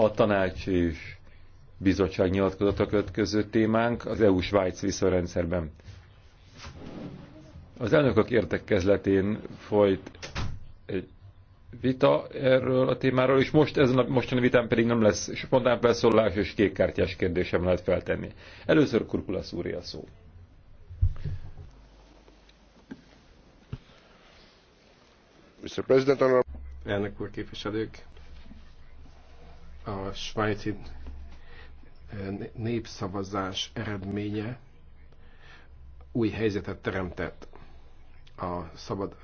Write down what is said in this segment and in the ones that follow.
A tanács és bizottság nyilatkozata következő témánk az EU-Svájc viszonyrendszerben. Az elnökök értekezletén folyt egy vita erről a témáról, és most ezen a mostani vitán pedig nem lesz spontán felszólás és kékkártyás kérdésem lehet feltenni. Először Kurkulasz úr a szó. Mr. President, Elnök úr, képviselők, a svájci eh, népszavazás eredménye új helyzetet teremtett a szabad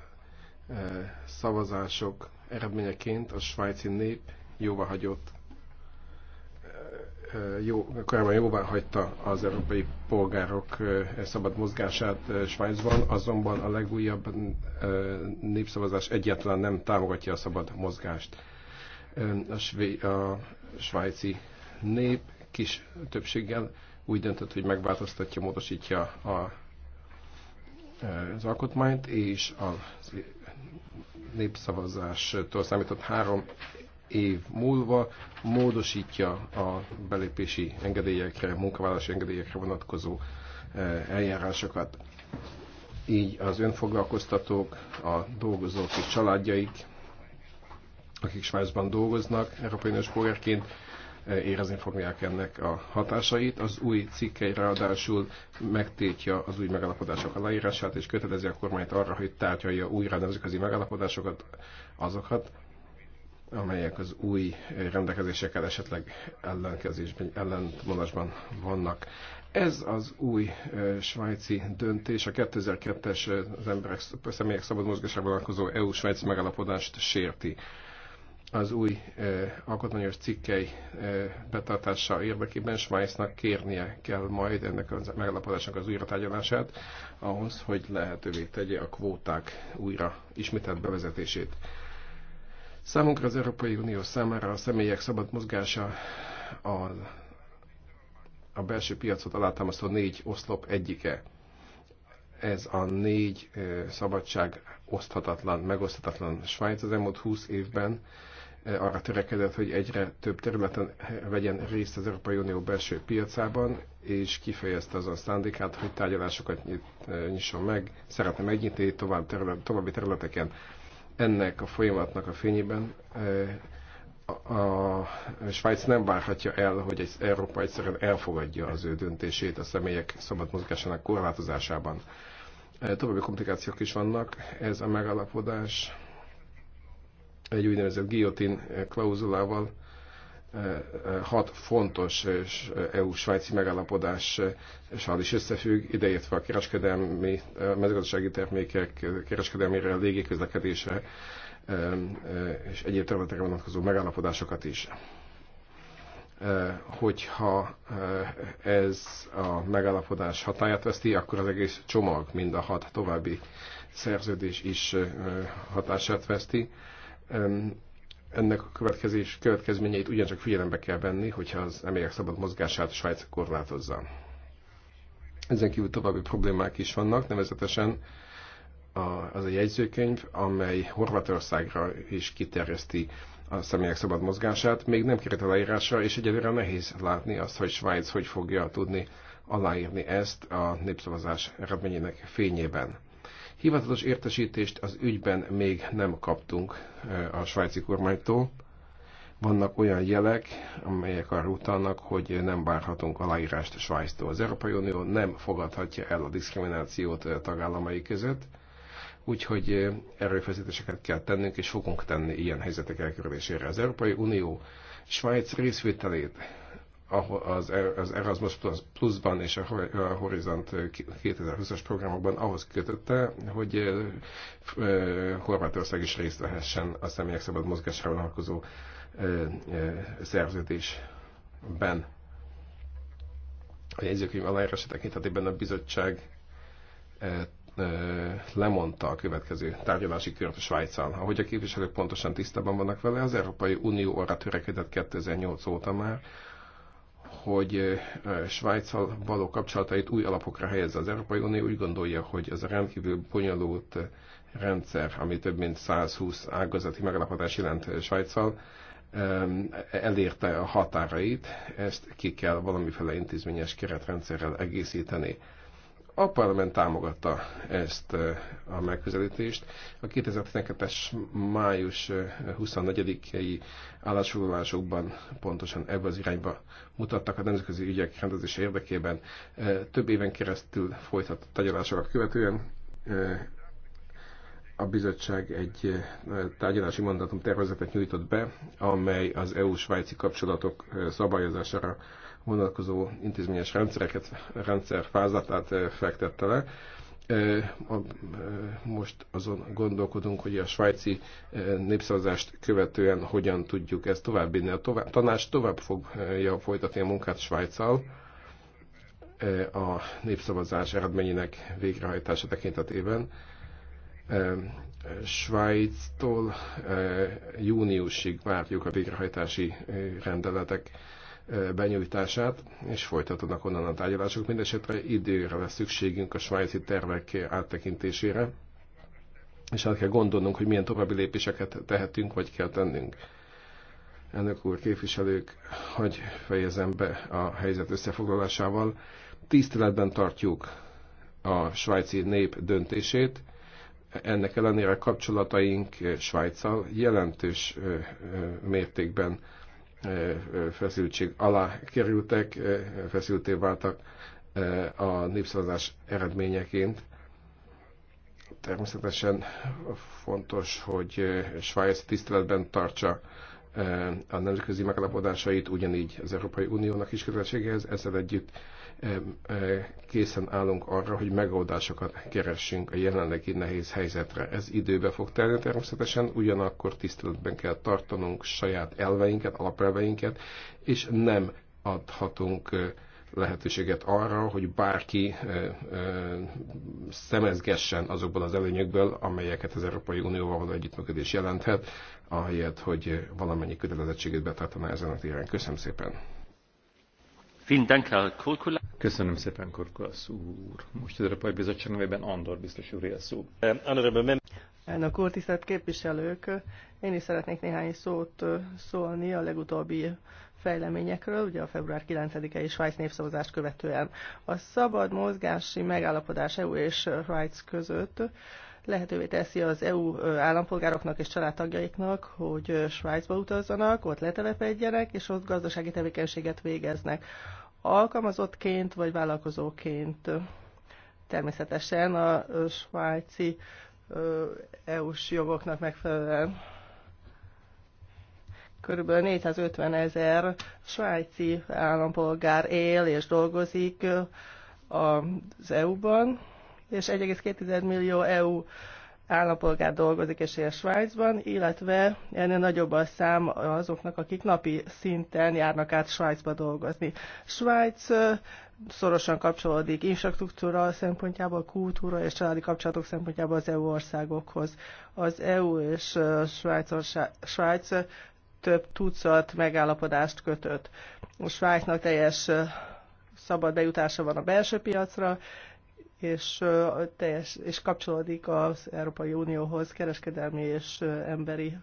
eh, szavazások eredményeként a svájci nép hagyott, eh, jó, korábban jóvá hagyta az európai polgárok e szabad mozgását Svájcban, azonban a legújabb népszavazás egyetlen nem támogatja a szabad mozgást. A, své, a svájci nép kis többséggel úgy döntött, hogy megváltoztatja, módosítja a, az alkotmányt, és a népszavazástól számított három év múlva módosítja a belépési engedélyekre, munkavállalási engedélyekre vonatkozó e, eljárásokat. Így az önfoglalkoztatók, a dolgozók és családjaik akik Svájcban dolgoznak, Európai Uniós polgárként eh, érezni fogják ennek a hatásait. Az új cikkei ráadásul megtétja az új megalapodások aláírását, és kötelezi a kormányt arra, hogy tárgyalja újra nemzetközi megalapodásokat, azokat, amelyek az új rendelkezésekkel esetleg ellenkezésben, ellentmondásban vannak. Ez az új e, svájci döntés a 2002-es eh, az emberek, személyek szabad mozgásra vonatkozó EU-svájci megállapodást sérti az új alkotmányos cikkei betartása érdekében Svájcnak kérnie kell majd ennek a megállapodásnak az újratárgyalását ahhoz, hogy lehetővé tegye a kvóták újra ismételt bevezetését. Számunkra az Európai Unió számára a személyek szabad mozgása a, a belső piacot alátámasztó négy oszlop egyike. Ez a négy szabadság oszthatatlan, megoszthatatlan. Svájc az elmúlt 20 évben arra törekedett, hogy egyre több területen vegyen részt az Európai Unió belső piacában, és kifejezte azon szándékát, hogy tárgyalásokat nyit, nyisson meg, szeretne megnyitni tovább terület, további területeken. Ennek a folyamatnak a fényében a, a Svájc nem várhatja el, hogy egy, Európa egyszerűen elfogadja az ő döntését a személyek szabad mozgásának korlátozásában. További komplikációk is vannak, ez a megállapodás egy úgynevezett guillotine eh, klauzulával eh, eh, hat fontos EU-svájci megállapodással is összefügg, ideértve a kereskedelmi, mezőgazdasági termékek kereskedelmére, légiközlekedésre és egyéb területekre vonatkozó megállapodásokat is. Hogyha ez a megállapodás hatáját veszti, akkor az egész csomag, mind a hat további szerződés is hatását veszti ennek a következés, következményeit ugyancsak figyelembe kell venni, hogyha az emélyek szabad mozgását Svájc korlátozza. Ezen kívül további problémák is vannak, nevezetesen az a jegyzőkönyv, amely Horvátországra is kiterjeszti a személyek szabad mozgását, még nem került aláírásra, és egyelőre nehéz látni azt, hogy Svájc hogy fogja tudni aláírni ezt a népszavazás eredményének fényében. Hivatalos értesítést az ügyben még nem kaptunk eh, a svájci kormánytól. Vannak olyan jelek, amelyek arra utalnak, hogy nem várhatunk aláírást Svájctól. Az Európai Unió nem fogadhatja el a diszkriminációt a eh, tagállamai között, úgyhogy eh, erőfeszítéseket kell tennünk, és fogunk tenni ilyen helyzetek elkerülésére. Az Európai Unió Svájc részvételét az, e- az Erasmus Plus-ban és a Horizont 2020-as programokban ahhoz kötötte, hogy Horvátország is részt vehessen a személyek szabad mozgására vonatkozó szerződésben. A jegyzőkönyv aláírása tekintetében a bizottság lemondta a következő tárgyalási kört a Svájcán. Ahogy a képviselők pontosan tisztában vannak vele, az Európai Unió arra törekedett 2008 óta már, hogy Svájccal való kapcsolatait új alapokra helyezze az Európai Unió, úgy gondolja, hogy ez a rendkívül bonyolult rendszer, ami több mint 120 ágazati megalapodás jelent Svájccal, elérte a határait, ezt ki kell valamiféle intézményes keretrendszerrel egészíteni. A parlament támogatta ezt a megközelítést. A 2012-es május 24-i állásfoglalásokban pontosan ebbe az irányba mutattak a nemzetközi ügyek rendezése érdekében. Több éven keresztül folytatott tárgyalásokat követően a bizottság egy tárgyalási mandátum tervezetet nyújtott be, amely az EU-svájci kapcsolatok szabályozására vonatkozó intézményes rendszereket, rendszerfázatát fektette le. Most azon gondolkodunk, hogy a svájci népszavazást követően hogyan tudjuk ezt továbbvinni. A tovább, tanács tovább fogja folytatni a munkát Svájccal a népszavazás eredményének végrehajtása tekintetében. Svájctól júniusig várjuk a végrehajtási rendeletek benyújtását, és folytatódnak onnan a tárgyalások. Mindenesetre időre lesz szükségünk a svájci tervek áttekintésére, és át kell gondolnunk, hogy milyen további lépéseket tehetünk, vagy kell tennünk. Ennek úr képviselők, hogy fejezem be a helyzet összefoglalásával. Tiszteletben tartjuk a svájci nép döntését, ennek ellenére kapcsolataink Svájccal jelentős mértékben feszültség alá kerültek, feszülté váltak a népszavazás eredményeként. Természetesen fontos, hogy Svájc tiszteletben tartsa a nemzetközi megalapodásait, ugyanígy az Európai Uniónak is kötelessége ez, ezzel együtt készen állunk arra, hogy megoldásokat keressünk a jelenlegi nehéz helyzetre. Ez időbe fog telni természetesen, ugyanakkor tiszteletben kell tartanunk saját elveinket, alapelveinket, és nem adhatunk lehetőséget arra, hogy bárki szemezgessen azokból az előnyökből, amelyeket az Európai Unióval való együttműködés jelenthet, ahelyett, hogy valamennyi kötelezettségét betartaná ezen a téren. Köszönöm szépen! Köszönöm szépen, Korkasz úr. Most az Európai Bizottság nevében Andor biztos úr szó. Elnök úr, tisztelt képviselők! Én is szeretnék néhány szót szólni a legutóbbi fejleményekről, ugye a február 9-i Svájc népszavazást követően. A szabad mozgási megállapodás EU és Svájc között lehetővé teszi az EU állampolgároknak és családtagjaiknak, hogy Svájcba utazzanak, ott letelepedjenek, és ott gazdasági tevékenységet végeznek alkalmazottként vagy vállalkozóként. Természetesen a svájci EU-s jogoknak megfelelően kb. 450 ezer svájci állampolgár él és dolgozik az EU-ban, és 1,2 millió EU állampolgár dolgozik és él Svájcban, illetve ennél nagyobb a szám azoknak, akik napi szinten járnak át Svájcba dolgozni. Svájc szorosan kapcsolódik infrastruktúra szempontjából, kultúra és családi kapcsolatok szempontjából az EU országokhoz. Az EU és Svájc, Svájc több tucat megállapodást kötött. A Svájcnak teljes szabad bejutása van a belső piacra, és, teljes, és kapcsolódik az Európai Unióhoz kereskedelmi és emberi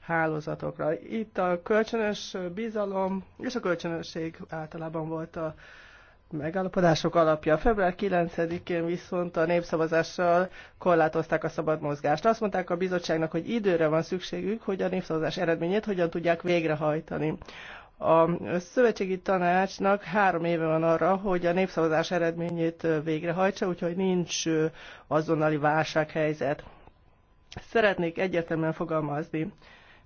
hálózatokra. Itt a kölcsönös bizalom és a kölcsönösség általában volt a megállapodások alapja. Február 9-én viszont a népszavazással korlátozták a szabad mozgást. Azt mondták a bizottságnak, hogy időre van szükségük, hogy a népszavazás eredményét hogyan tudják végrehajtani. A szövetségi tanácsnak három éve van arra, hogy a népszavazás eredményét végrehajtsa, úgyhogy nincs azonnali válsághelyzet. Szeretnék egyértelműen fogalmazni.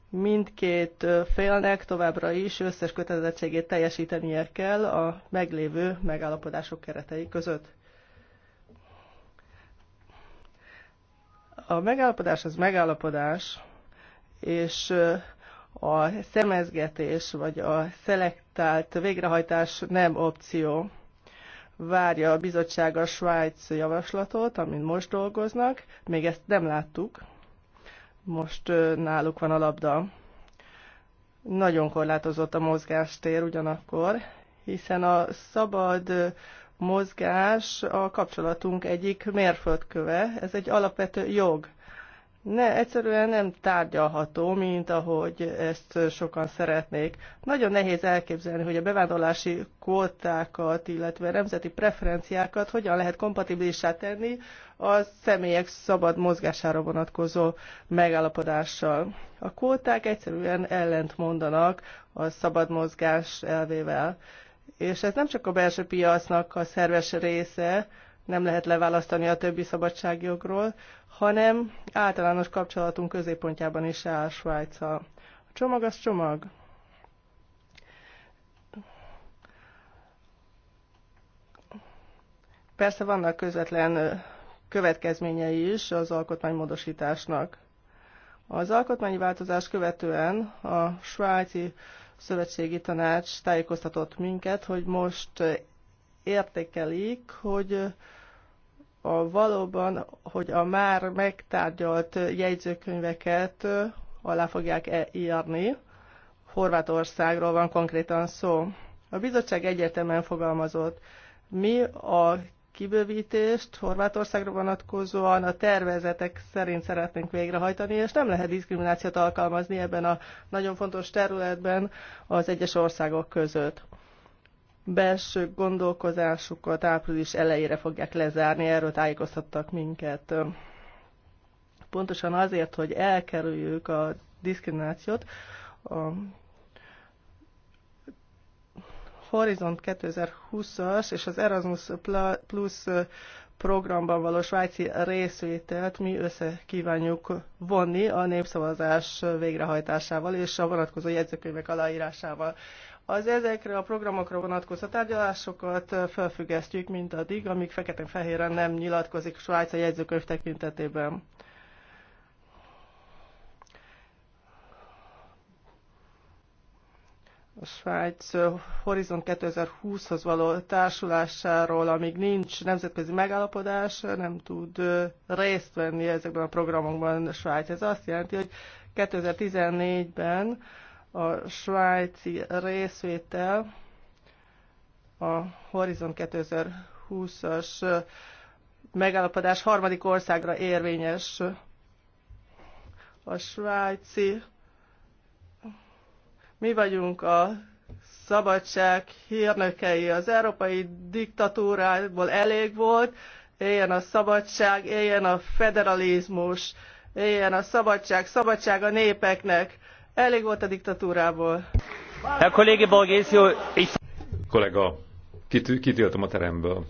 Mindkét félnek továbbra is összes kötelezettségét teljesítenie kell a meglévő megállapodások keretei között. A megállapodás az megállapodás, és a szemezgetés vagy a szelektált végrehajtás nem opció. Várja a bizottság a Svájc javaslatot, amin most dolgoznak. Még ezt nem láttuk. Most náluk van a labda. Nagyon korlátozott a mozgástér ugyanakkor, hiszen a szabad mozgás a kapcsolatunk egyik mérföldköve, ez egy alapvető jog ne, egyszerűen nem tárgyalható, mint ahogy ezt sokan szeretnék. Nagyon nehéz elképzelni, hogy a bevándorlási kvótákat, illetve nemzeti preferenciákat hogyan lehet kompatibilissá tenni a személyek szabad mozgására vonatkozó megállapodással. A kvóták egyszerűen ellent mondanak a szabad mozgás elvével. És ez nem csak a belső piacnak a szerves része, nem lehet leválasztani a többi szabadságjogról, hanem általános kapcsolatunk középpontjában is áll Svájc. A csomag az csomag. Persze vannak közvetlen következményei is az alkotmánymódosításnak. Az alkotmányi változás követően a svájci szövetségi tanács tájékoztatott minket, hogy most értékelik, hogy a valóban, hogy a már megtárgyalt jegyzőkönyveket alá fogják -e írni. Horvátországról van konkrétan szó. A bizottság egyetemen fogalmazott. Mi a kibővítést Horvátországra vonatkozóan a tervezetek szerint szeretnénk végrehajtani, és nem lehet diszkriminációt alkalmazni ebben a nagyon fontos területben az egyes országok között belső gondolkozásukat április elejére fogják lezárni, erről tájékoztattak minket. Pontosan azért, hogy elkerüljük a diszkriminációt, a Horizont 2020-as és az Erasmus Plus programban való svájci részvételt mi össze kívánjuk vonni a népszavazás végrehajtásával és a vonatkozó jegyzőkönyvek aláírásával. Az ezekre a programokra vonatkozó tárgyalásokat felfüggesztjük mint addig, amíg feketén-fehéren nem nyilatkozik Svájc a jegyzőkönyv tekintetében. a Svájc Horizon 2020-hoz való társulásáról, amíg nincs nemzetközi megállapodás, nem tud részt venni ezekben a programokban a Svájc. Ez azt jelenti, hogy 2014-ben a svájci részvétel a Horizon 2020-as megállapodás harmadik országra érvényes. A svájci mi vagyunk a szabadság hírnökei. Az európai diktatúrából elég volt, éljen a szabadság, éljen a federalizmus, éljen a szabadság, szabadság a népeknek. Elég volt a diktatúrából. Herr Kollege Borgesio, ich... Kollega, kitiltom a teremből.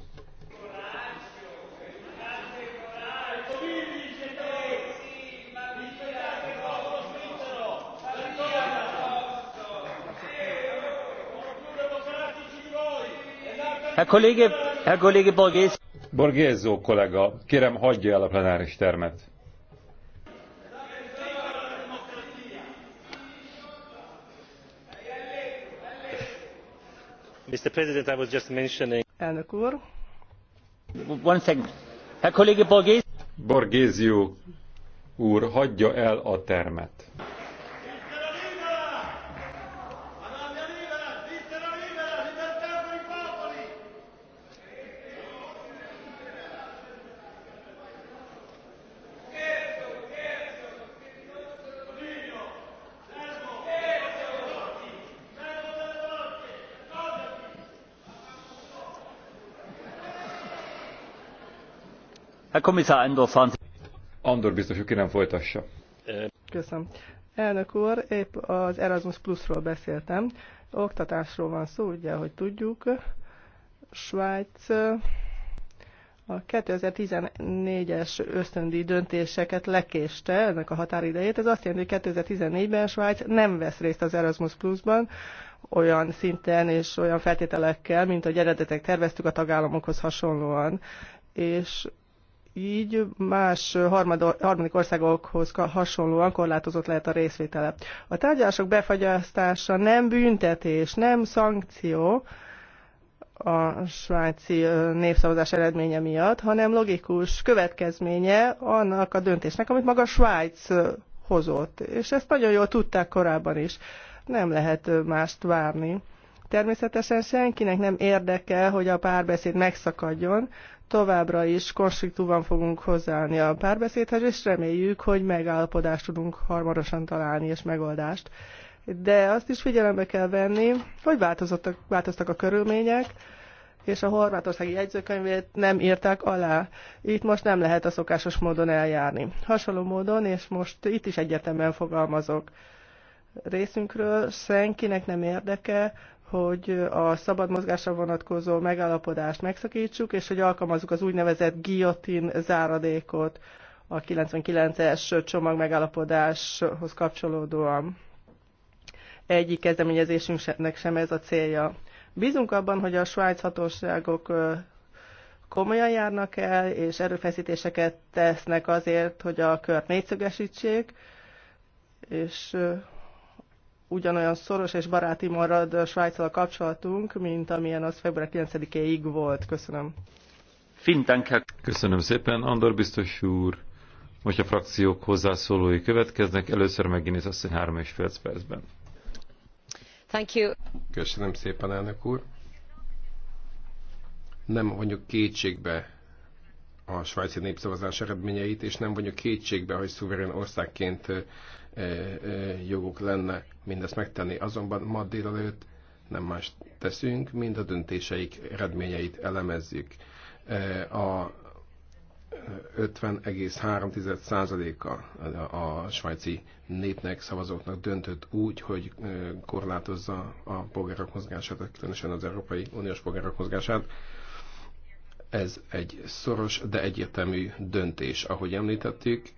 Herr Kollege, Herr Kollege Borges... Borgézó kollega, kérem hagyja el a plenáris termet. Mr. One second. Borges... úr, hagyja el a termet. Andor, biztos, hogy nem folytassa. Köszönöm. Elnök úr, épp az Erasmus Plus-ról beszéltem. Oktatásról van szó, ugye, hogy tudjuk. Svájc a 2014-es ösztöndi döntéseket lekéste ennek a határidejét. Ez azt jelenti, hogy 2014-ben Svájc nem vesz részt az Erasmus Plus-ban, olyan szinten és olyan feltételekkel, mint a eredetek terveztük a tagállamokhoz hasonlóan. És így más harmad, harmadik országokhoz hasonlóan korlátozott lehet a részvétele. A tárgyalások befagyasztása nem büntetés, nem szankció a svájci népszavazás eredménye miatt, hanem logikus következménye annak a döntésnek, amit maga Svájc hozott. És ezt nagyon jól tudták korábban is. Nem lehet mást várni. Természetesen senkinek nem érdeke, hogy a párbeszéd megszakadjon, továbbra is konstruktívan fogunk hozzáállni a párbeszédhez, és reméljük, hogy megállapodást tudunk hamarosan találni, és megoldást. De azt is figyelembe kell venni, hogy változottak, változtak a körülmények, és a horvátországi jegyzőkönyvét nem írták alá. Itt most nem lehet a szokásos módon eljárni. Hasonló módon, és most itt is egyetemben fogalmazok részünkről senkinek nem érdeke, hogy a szabad mozgásra vonatkozó megállapodást megszakítsuk, és hogy alkalmazzuk az úgynevezett guillotine záradékot a 99-es csomag megállapodáshoz kapcsolódóan. Egyik kezdeményezésünknek sem ez a célja. Bízunk abban, hogy a svájc hatóságok komolyan járnak el, és erőfeszítéseket tesznek azért, hogy a kört négyszögesítsék, és ugyanolyan szoros és baráti marad Svájccal a kapcsolatunk, mint amilyen az február 9-éig volt. Köszönöm. Köszönöm szépen, Andor biztos úr. Most a frakciók hozzászólói következnek. Először megint azt, hogy három és fél percben. Thank you. Köszönöm szépen, elnök úr. Nem vagyok kétségbe a svájci népszavazás eredményeit, és nem vagyok kétségbe, hogy szuverén országként joguk lenne mindezt megtenni. Azonban ma délelőtt nem más teszünk, mint a döntéseik eredményeit elemezzük. A 50,3%-a a svájci népnek, szavazóknak döntött úgy, hogy korlátozza a polgárok mozgását, különösen az Európai Uniós polgárok mozgását. Ez egy szoros, de egyértelmű döntés. Ahogy említettük,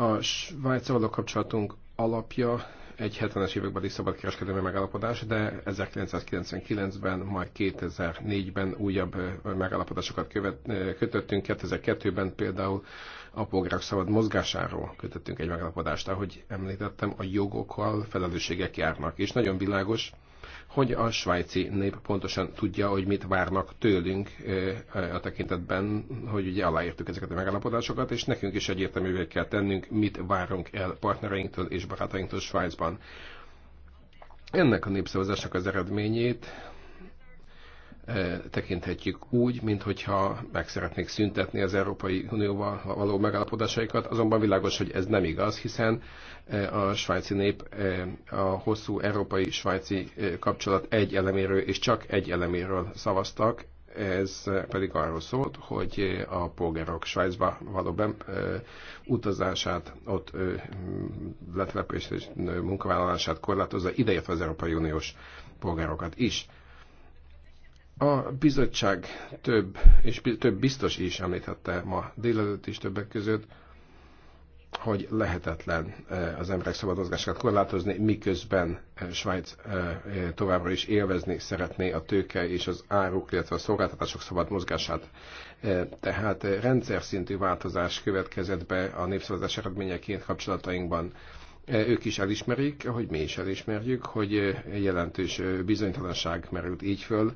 a Svájc kapcsolatunk alapja egy 70-es évekbeli szabadkereskedelmi megállapodás, de 1999-ben, majd 2004-ben újabb megállapodásokat követ, kötöttünk. 2002-ben például a polgárok szabad mozgásáról kötöttünk egy megállapodást. Ahogy említettem, a jogokkal felelősségek járnak, és nagyon világos, hogy a svájci nép pontosan tudja, hogy mit várnak tőlünk a tekintetben, hogy ugye aláírtuk ezeket a megállapodásokat, és nekünk is egyértelművé kell tennünk, mit várunk el partnereinktől és barátainktól Svájcban. Ennek a népszavazásnak az eredményét tekinthetjük úgy, minthogyha meg szeretnék szüntetni az Európai Unióval való megállapodásaikat, azonban világos, hogy ez nem igaz, hiszen a svájci nép a hosszú európai-svájci kapcsolat egy eleméről és csak egy eleméről szavaztak, ez pedig arról szólt, hogy a polgárok Svájcba való be, ö, utazását, ott ö, letelepést és munkavállalását korlátozza, ideértve az Európai Uniós polgárokat is. A bizottság több, és több biztos is említette ma délelőtt is többek között, hogy lehetetlen eh, az emberek szabadozgását korlátozni, miközben eh, Svájc eh, továbbra is élvezni szeretné a tőke és az áruk, illetve a szolgáltatások szabad mozgását. Tehát rendszer szintű változás következett be a népszavazás eredményeként kapcsolatainkban Eh, ők is elismerik, hogy mi is elismerjük, hogy eh, jelentős eh, bizonytalanság merült így föl.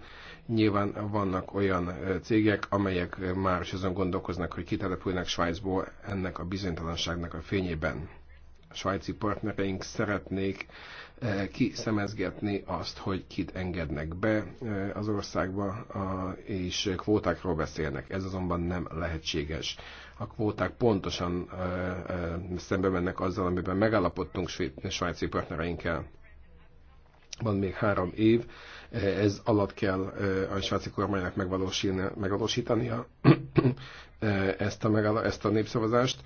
Nyilván vannak olyan cégek, amelyek már is azon gondolkoznak, hogy kitelepülnek Svájcból ennek a bizonytalanságnak a fényében svájci partnereink szeretnék eh, kiszemezgetni azt, hogy kit engednek be eh, az országba, és kvótákról beszélnek. Ez azonban nem lehetséges. A kvóták pontosan eh, szembe mennek azzal, amiben megállapodtunk svájci partnereinkkel van még három év, ez alatt kell a svájci kormánynak megvalósítania ezt a, ezt a népszavazást,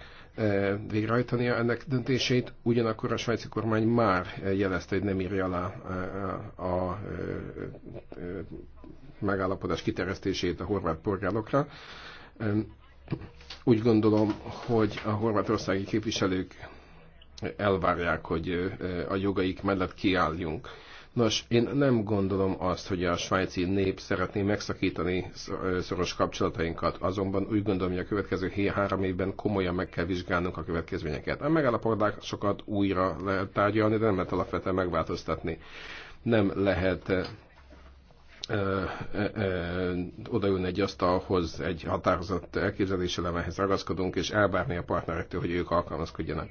végrehajtania ennek döntését, ugyanakkor a svájci kormány már jelezte, hogy nem írja alá a, a, a megállapodás kiterjesztését a horvát polgárokra. Úgy gondolom, hogy a horvátországi képviselők elvárják, hogy a jogaik mellett kiálljunk. Nos, én nem gondolom azt, hogy a svájci nép szeretné megszakítani szoros kapcsolatainkat, azonban úgy gondolom, hogy a következő három évben komolyan meg kell vizsgálnunk a következményeket. A megállapodásokat újra lehet tárgyalni, de nem lehet alapvetően megváltoztatni. Nem lehet ö, odaülni egy asztalhoz, egy határozott elképzeléselemhez ragaszkodunk, és elvárni a partnerektől, hogy ők alkalmazkodjanak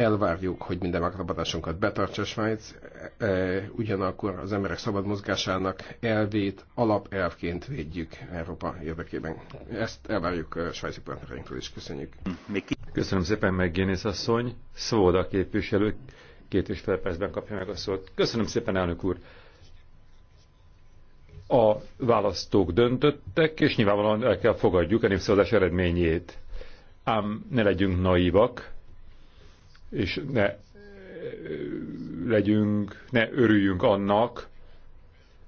elvárjuk, hogy minden megrabadásunkat betartsa Svájc, e, e, ugyanakkor az emberek szabad mozgásának elvét alapelvként védjük Európa érdekében. Ezt elvárjuk e, svájci partnereinktől is. Köszönjük. Köszönöm szépen meg, Génész asszony. Szóda képviselő két és fél percben kapja meg a szót. Köszönöm szépen, elnök úr. A választók döntöttek, és nyilvánvalóan el kell fogadjuk a népszavazás eredményét. Ám ne legyünk naivak, és ne legyünk, ne örüljünk annak,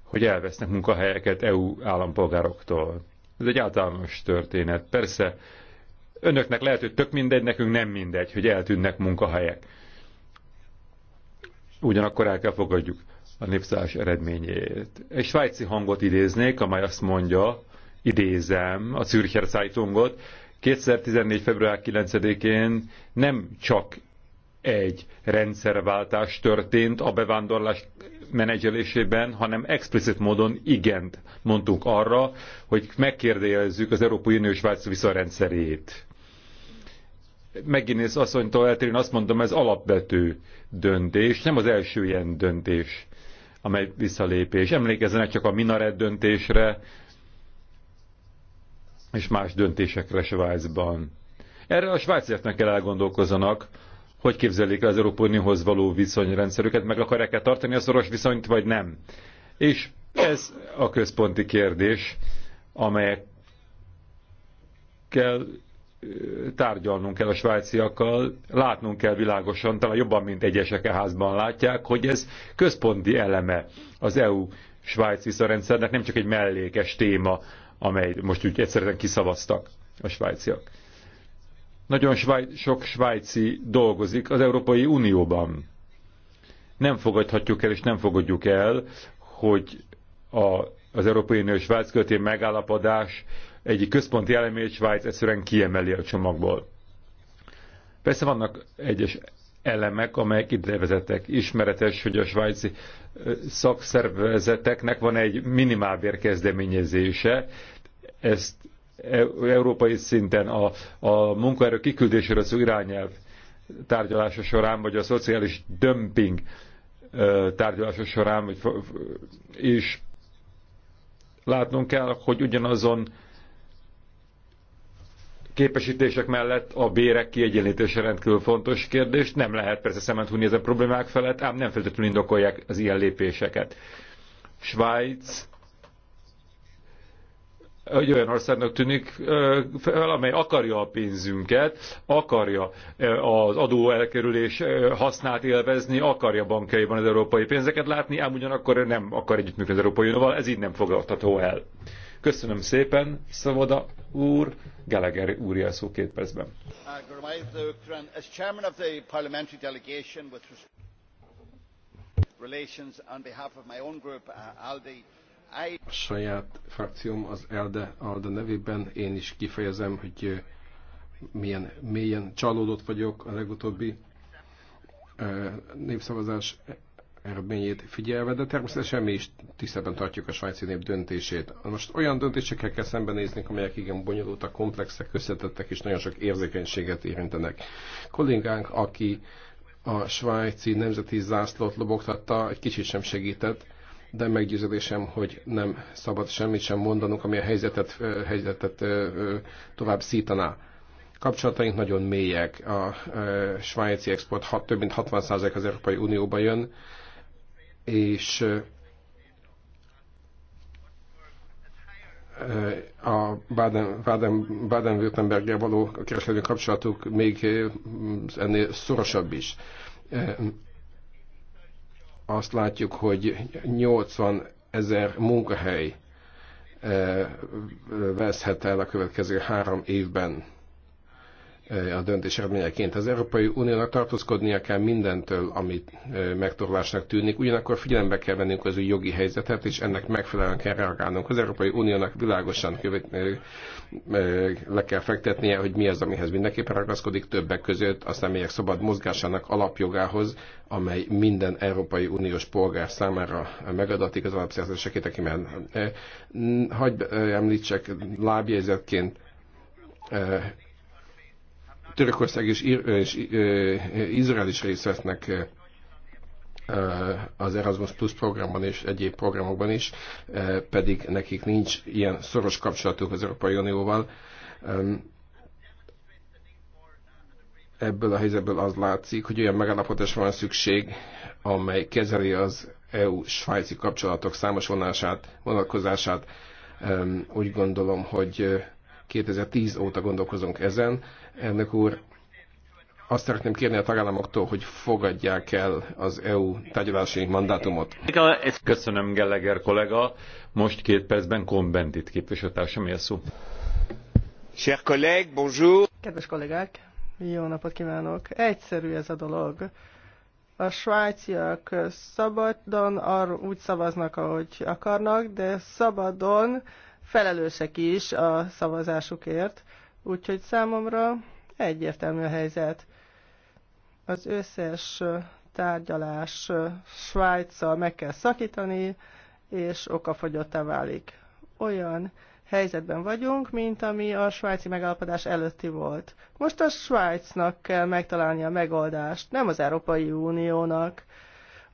hogy elvesznek munkahelyeket EU állampolgároktól. Ez egy általános történet. Persze önöknek lehet, hogy tök mindegy, nekünk nem mindegy, hogy eltűnnek munkahelyek. Ugyanakkor el kell fogadjuk a népszállás eredményét. Egy svájci hangot idéznék, amely azt mondja, idézem a Zürcher Zeitungot, 2014. február 9-én nem csak egy rendszerváltás történt a bevándorlás menedzselésében, hanem explicit módon igent mondtunk arra, hogy megkérdezzük az Európai Uniós Svájc viszonyrendszerét. Megint asszonytól eltérően azt mondom, ez alapvető döntés, nem az első ilyen döntés, amely visszalépés. Emlékezzenek csak a minaret döntésre, és más döntésekre Svájcban. Erre a svájciaknak kell elgondolkozzanak, hogy képzelik az Európai Unióhoz való viszonyrendszerüket, meg akarják-e tartani a szoros viszonyt, vagy nem. És ez a központi kérdés, amelyekkel tárgyalnunk kell a svájciakkal, látnunk kell világosan, talán jobban, mint egyesek a e házban látják, hogy ez központi eleme az EU-svájci viszonyrendszernek, nem csak egy mellékes téma, amely most úgy egyszerűen kiszavaztak a svájciak. Nagyon svájc, sok svájci dolgozik az Európai Unióban. Nem fogadhatjuk el és nem fogadjuk el, hogy a, az Európai Unió és Svájc közötti megállapodás egyik központi elemét Svájc egyszerűen kiemeli a csomagból. Persze vannak egyes elemek, amelyek ide vezetek. Ismeretes, hogy a svájci szakszervezeteknek van egy minimálbér kezdeményezése, ezt európai szinten a, a munkaerő kiküldéséről szó irányelv tárgyalása során, vagy a szociális dömping tárgyalása során, vagy, és látnunk kell, hogy ugyanazon képesítések mellett a bérek kiegyenlítése rendkívül fontos kérdés. Nem lehet persze szemet húni ezen problémák felett, ám nem feltétlenül indokolják az ilyen lépéseket. Svájc egy olyan országnak tűnik fel, amely akarja a pénzünket, akarja az adó elkerülés hasznát élvezni, akarja bankjaiban az európai pénzeket látni, ám ugyanakkor nem akar együttműködni az Európai Unióval, ez így nem fogadható el. Köszönöm szépen, Szavoda úr, Geleger úr jel szó két percben. Relations on behalf of my own group, uh, a saját frakcióm az ELDE, ALDE nevében én is kifejezem, hogy milyen mélyen csalódott vagyok a legutóbbi népszavazás eredményét figyelve, de természetesen mi is tisztában tartjuk a svájci nép döntését. Most olyan döntésekkel kell szembenéznünk, amelyek igen bonyolultak, komplexek, összetettek és nagyon sok érzékenységet érintenek. Kollégánk, aki a svájci nemzeti zászlót lobogtatta, egy kicsit sem segített, de meggyőződésem, hogy nem szabad semmit sem mondanunk, ami a helyzetet, helyzetet tovább szítaná. Kapcsolataink nagyon mélyek. A svájci export hat, több mint 60% az Európai Unióba jön, és a Baden-Württemberggel Baden, Baden való kereskedő kapcsolatuk még ennél szorosabb is azt látjuk, hogy 80 ezer munkahely eh, veszhet el a következő három évben a döntés eredményeként. Az Európai Uniónak tartózkodnia kell mindentől, ami megtorlásnak tűnik, ugyanakkor figyelembe kell vennünk az új jogi helyzetet, és ennek megfelelően kell reagálnunk. Az Európai Uniónak világosan követ, le kell fektetnie, hogy mi az, amihez mindenképpen ragaszkodik többek között a személyek szabad mozgásának alapjogához, amely minden Európai Uniós polgár számára megadatik az alapszerzések tekintetében. Hagy említsek lábjegyzetként Törökország és, és Izrael is részt vesznek az Erasmus Plus programban és egyéb programokban is, pedig nekik nincs ilyen szoros kapcsolatuk az Európai Unióval. Ebből a helyzetből az látszik, hogy olyan megállapodásra van szükség, amely kezeli az EU-svájci kapcsolatok számos vonását, vonatkozását. Úgy gondolom, hogy 2010 óta gondolkozunk ezen. Ennek úr, azt szeretném kérni a tagállamoktól, hogy fogadják el az EU tárgyalási mandátumot. Köszönöm, Gelleger kollega. Most két percben Konbentit képviselőtársam, mi a szó? Chers bonjour. Kedves kollégák, jó napot kívánok. Egyszerű ez a dolog. A svájciak szabadon ar- úgy szavaznak, ahogy akarnak, de szabadon felelősek is a szavazásukért, úgyhogy számomra egyértelmű a helyzet. Az összes tárgyalás Svájccal meg kell szakítani, és okafogyottá válik. Olyan helyzetben vagyunk, mint ami a svájci megállapodás előtti volt. Most a Svájcnak kell megtalálni a megoldást, nem az Európai Uniónak.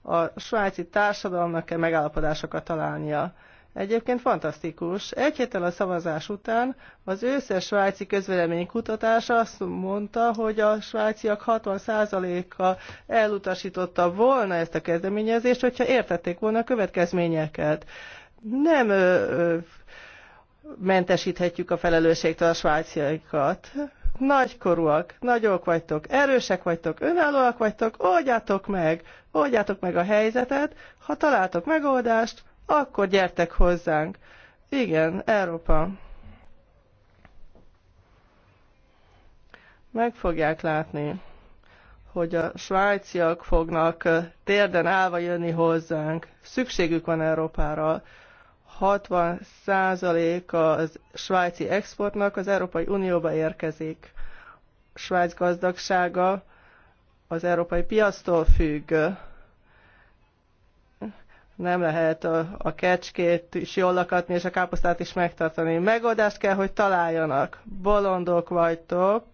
A svájci társadalomnak kell megállapodásokat találnia. Egyébként fantasztikus. Egy héttel a szavazás után az összes svájci közvéleménykutatás azt mondta, hogy a svájciak 60%-a elutasította volna ezt a kezdeményezést, hogyha értették volna a következményeket. Nem ö, ö, mentesíthetjük a felelősségtől a svájciakat. Nagykorúak, nagyok vagytok, erősek vagytok, önállóak vagytok, oldjátok meg, oldjátok meg a helyzetet, ha találtok megoldást, akkor gyertek hozzánk. Igen, Európa. Meg fogják látni, hogy a svájciak fognak térden állva jönni hozzánk. Szükségük van Európára. 60% az svájci exportnak az Európai Unióba érkezik. Svájc gazdagsága az európai piasztól függ nem lehet a, a kecskét is jól lakatni, és a káposztát is megtartani. Megoldást kell, hogy találjanak. Bolondok vagytok,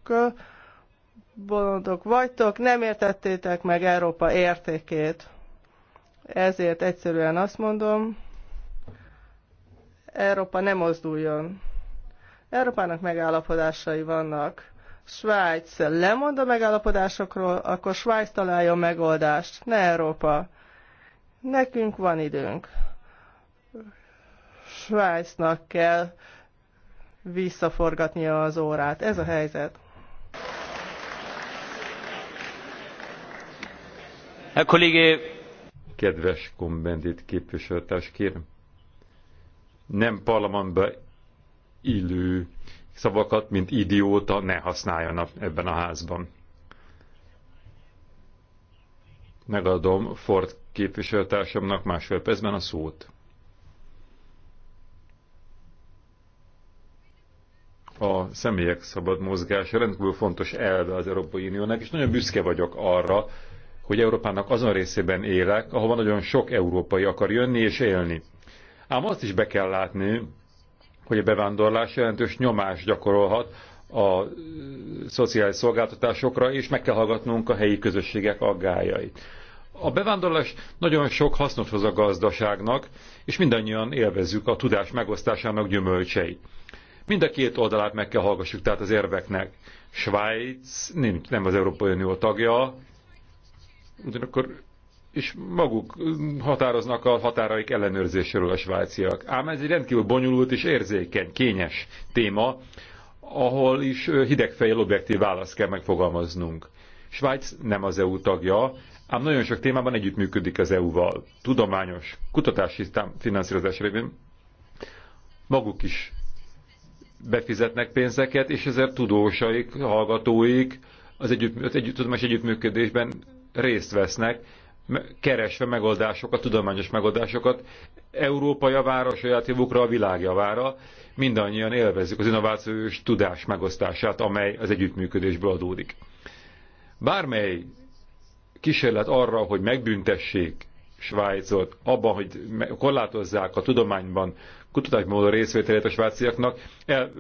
bolondok vagytok, nem értettétek meg Európa értékét. Ezért egyszerűen azt mondom, Európa nem mozduljon. Európának megállapodásai vannak. Svájc lemond a megállapodásokról, akkor Svájc találja a megoldást, ne Európa. Nekünk van időnk. Svájcnak kell visszaforgatnia az órát. Ez a helyzet. Herr Kedves kombendit képviselőtárs, kérem, nem parlamentbe illő szavakat, mint idióta ne használjanak ebben a házban. Megadom Ford képviselőtársamnak másfél percben a szót. A személyek szabad mozgása rendkívül fontos elve az Európai Uniónak, és nagyon büszke vagyok arra, hogy Európának azon részében élek, ahova nagyon sok európai akar jönni és élni. Ám azt is be kell látni, hogy a bevándorlás jelentős nyomás gyakorolhat a szociális szolgáltatásokra, és meg kell hallgatnunk a helyi közösségek aggájait. A bevándorlás nagyon sok hasznot hoz a gazdaságnak, és mindannyian élvezzük a tudás megosztásának gyümölcseit. Mind a két oldalát meg kell hallgassuk, tehát az érveknek. Svájc nincs, nem az Európai Unió tagja, ugyanakkor és maguk határoznak a határaik ellenőrzéséről a svájciak. Ám ez egy rendkívül bonyolult és érzékeny, kényes téma, ahol is hidegfejjel objektív választ kell megfogalmaznunk. Svájc nem az EU tagja, ám nagyon sok témában együttműködik az EU-val. Tudományos, kutatási finanszírozás révén maguk is befizetnek pénzeket, és ezért tudósaik, hallgatóik az, együtt, az együtt, tudományos együttműködésben részt vesznek, keresve megoldásokat, tudományos megoldásokat Európa javára, a saját javukra, a világ javára. Mindannyian élvezzük az innovációs tudás megosztását, amely az együttműködésből adódik. Bármely kísérlet arra, hogy megbüntessék Svájcot abban, hogy korlátozzák a tudományban kutatásmódon részvételét a svájciaknak, el,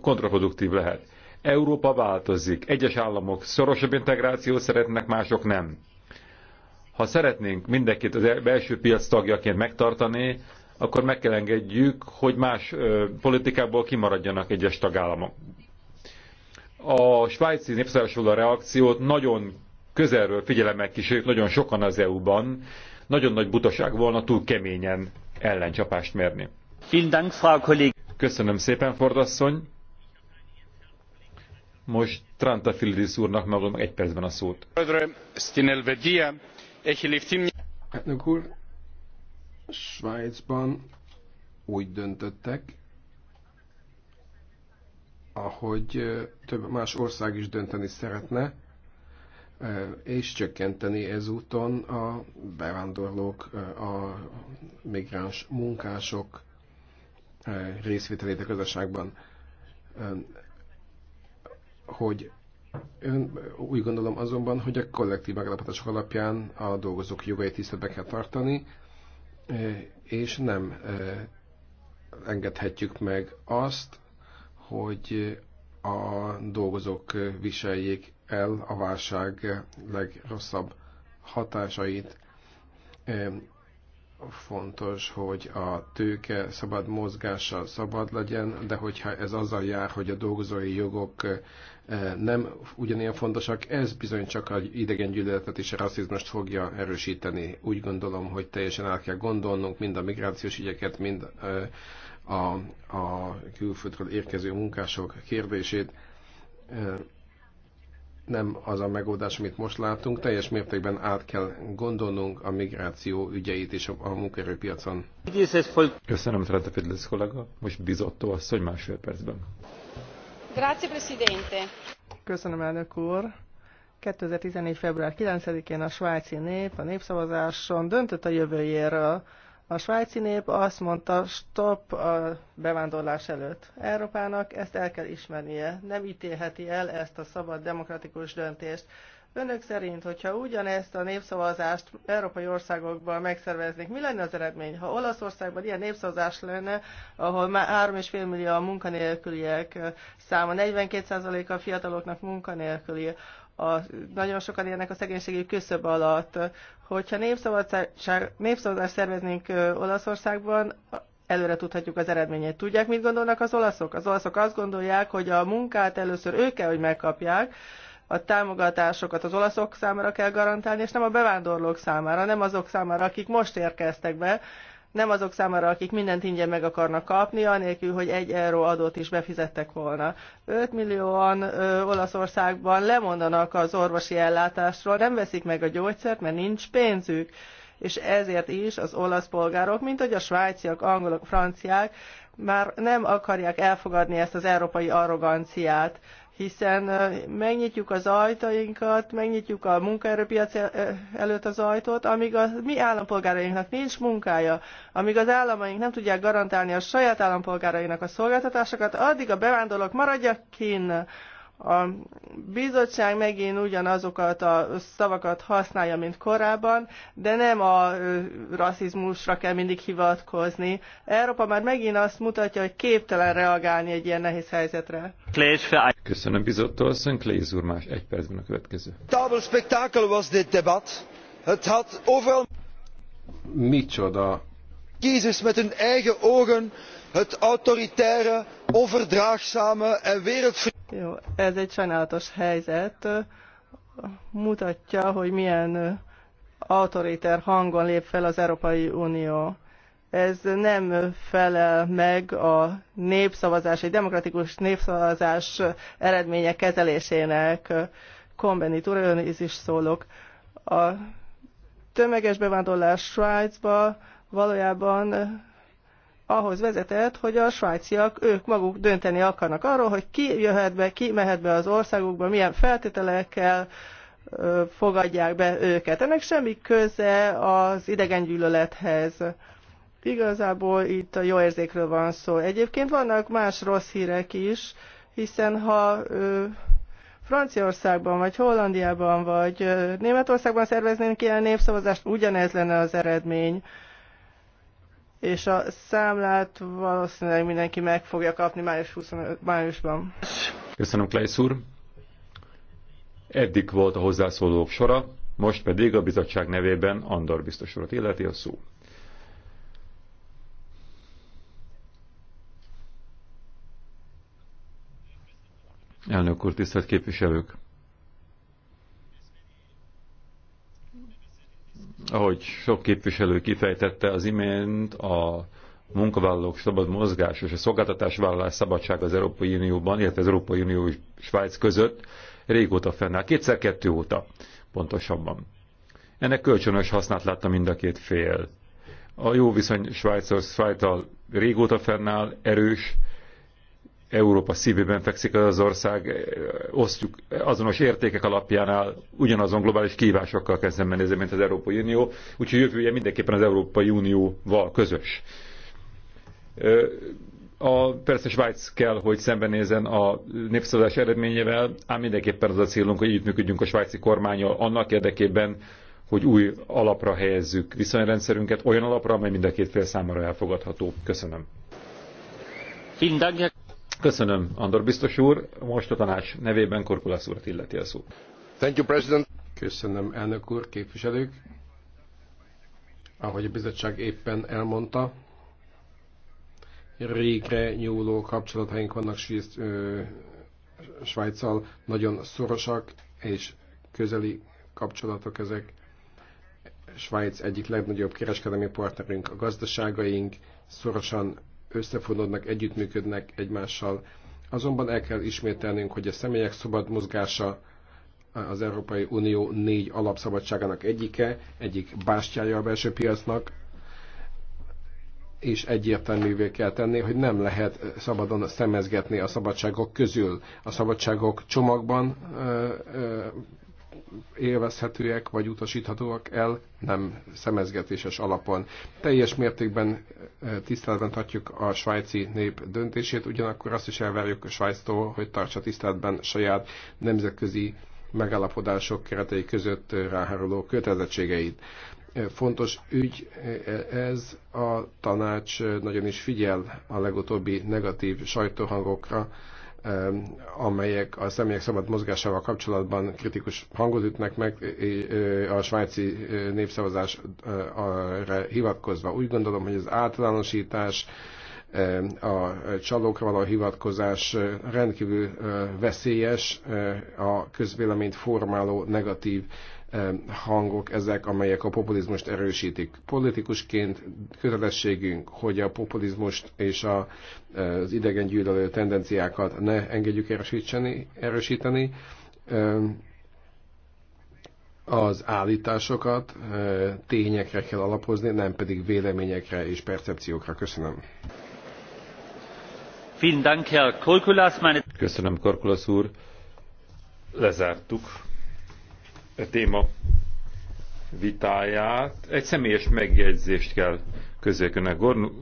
kontraproduktív lehet. Európa változik, egyes államok szorosabb integrációt szeretnek, mások nem ha szeretnénk mindenkit az belső piac tagjaként megtartani, akkor meg kell engedjük, hogy más politikából kimaradjanak egyes tagállamok. A svájci népszállásoló reakciót nagyon közelről figyelemmel kísérjük, nagyon sokan az EU-ban. Nagyon nagy butaság volna túl keményen ellencsapást mérni. Köszönöm szépen, Fordasszony. Most tranta Trantafilidis úrnak megadom egy percben a szót. Elnök úr, Svájcban úgy döntöttek, ahogy több más ország is dönteni szeretne, és csökkenteni ezúton a bevándorlók, a migráns munkások részvételét a gazdaságban. Hogy Ön úgy gondolom azonban, hogy a kollektív megállapodások alapján a dolgozók jogait tiszteletbe kell tartani, és nem engedhetjük meg azt, hogy a dolgozók viseljék el a válság legrosszabb hatásait fontos, hogy a tőke szabad mozgása szabad legyen, de hogyha ez azzal jár, hogy a dolgozói jogok eh, nem ugyanilyen fontosak, ez bizony csak az idegen gyűlöletet és a rasszizmust fogja erősíteni. Úgy gondolom, hogy teljesen át kell gondolnunk mind a migrációs ügyeket, mind eh, a, a külföldről érkező munkások kérdését eh, nem az a megoldás, amit most látunk. Teljes mértékben át kell gondolnunk a migráció ügyeit és a, munkaerőpiacon. Köszönöm, Trenta Fidlis kollega. Most bizottó asszony másfél percben. Grazie, Presidente. Köszönöm, elnök úr. 2014. február 9-én a svájci nép a népszavazáson döntött a jövőjéről. A svájci nép azt mondta, stop a bevándorlás előtt. Európának ezt el kell ismernie, nem ítélheti el ezt a szabad demokratikus döntést. Önök szerint, hogyha ugyanezt a népszavazást európai országokban megszerveznék, mi lenne az eredmény? Ha Olaszországban ilyen népszavazás lenne, ahol már 3,5 millió a munkanélküliek száma, 42% a fiataloknak munkanélküli, a, nagyon sokan élnek a szegénységi küszöb alatt. Hogyha népszavazást szerveznénk Olaszországban, előre tudhatjuk az eredményét. Tudják, mit gondolnak az olaszok? Az olaszok azt gondolják, hogy a munkát először ők kell, hogy megkapják, a támogatásokat az olaszok számára kell garantálni, és nem a bevándorlók számára, nem azok számára, akik most érkeztek be, nem azok számára, akik mindent ingyen meg akarnak kapni, anélkül, hogy egy euró adót is befizettek volna. 5 millióan ö, Olaszországban lemondanak az orvosi ellátásról, nem veszik meg a gyógyszert, mert nincs pénzük. És ezért is az olasz polgárok, mint hogy a svájciak, angolok, franciák, már nem akarják elfogadni ezt az európai arroganciát hiszen megnyitjuk az ajtainkat, megnyitjuk a munkaerőpiac előtt az ajtót, amíg a mi állampolgárainknak nincs munkája, amíg az államaink nem tudják garantálni a saját állampolgárainak a szolgáltatásokat, addig a bevándorlók maradjak kinn a bizottság megint ugyanazokat a szavakat használja, mint korábban, de nem a rasszizmusra kell mindig hivatkozni. Európa már megint azt mutatja, hogy képtelen reagálni egy ilyen nehéz helyzetre. Köszönöm bizottól, Szent Kléz úr más egy percben a következő. Tabel spektakel was dit debat. Het had overal... Micsoda kiezers met hun eigen ogen het autoritaire overdraagzame en wereldvreemde. Jó, ez egy sajnálatos helyzet. Mutatja, hogy milyen autoriter hangon lép fel az Európai Unió. Ez nem felel meg a népszavazás, egy demokratikus népszavazás eredménye kezelésének. Kombeni is is szólok. A tömeges bevándorlás Svájcba valójában ahhoz vezetett, hogy a svájciak ők maguk dönteni akarnak arról, hogy ki jöhet be, ki mehet be az országukba, milyen feltételekkel fogadják be őket. Ennek semmi köze az idegengyűlölethez. Igazából itt a jó érzékről van szó. Egyébként vannak más rossz hírek is, hiszen ha ö, Franciaországban, vagy Hollandiában, vagy ö, Németországban szerveznénk ilyen népszavazást, ugyanez lenne az eredmény. Ö, és a számlát valószínűleg mindenki meg fogja kapni május 25, májusban. Köszönöm, Klejsz úr. Eddig volt a hozzászólók sora, most pedig a bizottság nevében Andor biztos urat illeti a szó. Elnök úr, tisztelt képviselők! Ahogy sok képviselő kifejtette az imént, a munkavállalók szabad mozgás és a szolgáltatásvállalás szabadság az Európai Unióban, illetve az Európai Unió és Svájc között régóta fennáll, kétszer-kettő óta pontosabban. Ennek kölcsönös hasznát látta mind a két fél. A jó viszony Svájchoz Svájccal régóta fennáll, erős, Európa szívében fekszik az ország, eh, osztjuk azonos értékek alapján áll, ugyanazon globális kívásokkal kell szembenézni, mint az Európai Unió, úgyhogy jövője mindenképpen az Európai Unióval közös. Eh, a, persze Svájc kell, hogy szembenézen a népszavazás eredményével, ám mindenképpen az a célunk, hogy együttműködjünk a svájci kormányjal annak érdekében, hogy új alapra helyezzük viszonyrendszerünket, olyan alapra, amely mind a két fél számára elfogadható. Köszönöm. Köszönöm, Andor biztos úr. Most a tanács nevében Korkulasz urat illeti a szó. Thank you, President. Köszönöm, elnök úr, képviselők. Ahogy a bizottság éppen elmondta, régre nyúló kapcsolataink vannak Svájccal, nagyon szorosak és közeli kapcsolatok ezek. Svájc egyik legnagyobb kereskedelmi partnerünk, a gazdaságaink szorosan összefonódnak, együttműködnek egymással. Azonban el kell ismételnünk, hogy a személyek szabad mozgása az Európai Unió négy alapszabadságának egyike, egyik bástyája a belső piacnak, és egyértelművé kell tenni, hogy nem lehet szabadon szemezgetni a szabadságok közül. A szabadságok csomagban ö, ö, élvezhetőek vagy utasíthatóak el, nem szemezgetéses alapon. Teljes mértékben eh, tiszteletben tartjuk a svájci nép döntését, ugyanakkor azt is elvárjuk a Svájctól, hogy tartsa tiszteletben saját nemzetközi megállapodások keretei között eh, ráháruló kötelezettségeit. Eh, fontos ügy ez, a tanács nagyon is figyel a legutóbbi negatív sajtóhangokra, amelyek a személyek szabad mozgásával kapcsolatban kritikus hangot ütnek meg a svájci e, népszavazásra e, hivatkozva. Úgy gondolom, hogy az általánosítás, e, a csalókra való hivatkozás rendkívül veszélyes, a közvéleményt formáló negatív Eh, hangok ezek, amelyek a populizmust erősítik. Politikusként kötelességünk, hogy a populizmust és a, eh, az idegen gyűlölő tendenciákat ne engedjük erősíteni, erősíteni eh, az állításokat tényekre kell alapozni, nem pedig véleményekre és percepciókra. Köszönöm. Köszönöm, Korkulasz úr. Lezártuk a e téma vitáját. Egy személyes megjegyzést kell közékönnek.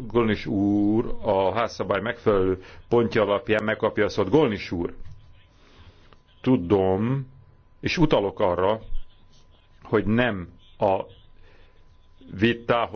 Golnis úr a házszabály megfelelő pontja alapján megkapja a szót. Golnis úr, tudom, és utalok arra, hogy nem a vitához